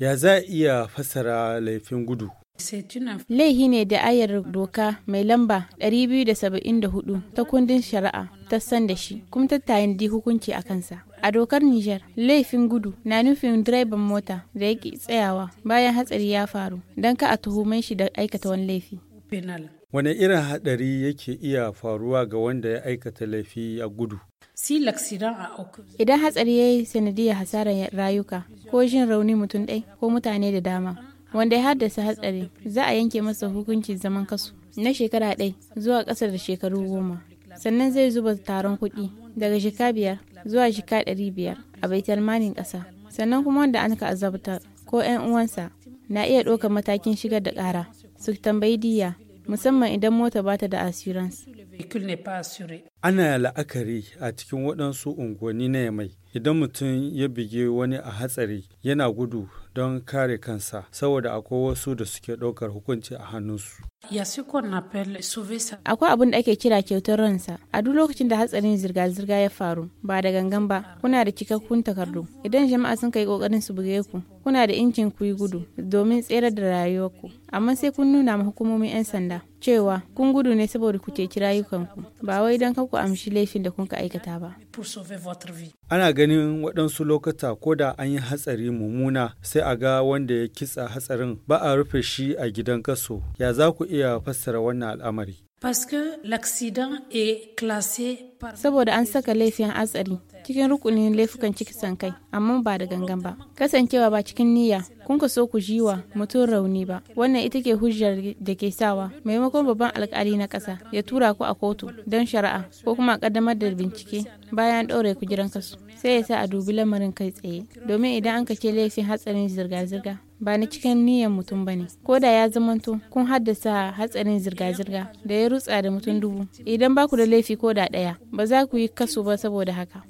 Ya za a iya fassara laifin gudu? Laihi ne da ayar doka mai lamba 274 ta kundin shari'a ta san da shi kuma tattayin di hukunci a kansa. A dokar Nijar, laifin gudu na nufin direban mota da ya tsayawa bayan hatsari ya faru don ka a tuhuman shi da aikata wani laifi. Wane irin hatsari yake iya faruwa ga wanda ya aikata laifi a gudu? Idan hatsari ya yi sanadiyar hasarar rayuka ko jin rauni mutum ɗai ko mutane da dama, wanda ya haddasa hatsari za a yanke masa hukuncin zaman kasu na shekara ɗai zuwa ƙasa da shekaru goma. Sannan zai zuba taron kuɗi daga shika biyar zuwa shika ɗari biyar a baitar ƙasa. Sannan kuma wanda an ka azabta ko 'yan uwansa na iya ɗaukar matakin shigar da ƙara su tambayi diya musamman idan mota bata da assurance. ana la'akari a cikin waɗansu unguwanni na yamai idan mutum ya bige wani a hatsari yana gudu don kare kansa saboda akwai wasu da suke ɗaukar hukunci a hannunsu. Akwai abin da ake kira kyautar ransa a duk lokacin da hatsarin zirga-zirga ya faru ba da gangan ba kuna da cikakkun takardu idan jama'a sun kai kokarin su buge ku kuna da injin ku yi gudu domin tsere da rayuwarku amma sai kun nuna ma hukumomin 'yan sanda cewa kun gudu ne saboda ku ceci rayukanku ba wai don ku amshi laifin da kunka aikata ba. Ana ganin waɗansu lokata ko da an yi hatsari mummuna sai a ga wanda ya kitsa hatsarin ba a rufe shi a gidan kaso. Ya za ku iya fassara wannan al'amari? Saboda an saka laifin hatsari cikin rukunin laifukan san kai amma ba da gangan ba kasancewa ba cikin niyya kun ka so ku ji wa mutum rauni ba wannan ita ke hujjar da ke sawa maimakon babban alkali na ƙasa ya tura ku a kotu don shari'a ko kuma kaddamar da bincike bayan ɗaure ku gidan kasu sai ya sa a dubi lamarin kai tsaye domin idan an kace laifin hatsarin zirga-zirga ba na cikin niyyar mutum ba ne ko da ya zamanto kun haddasa hatsarin zirga-zirga da ya rutsa da mutum dubu idan ba ku da laifi ko da ɗaya ba za ku yi kaso ba saboda haka.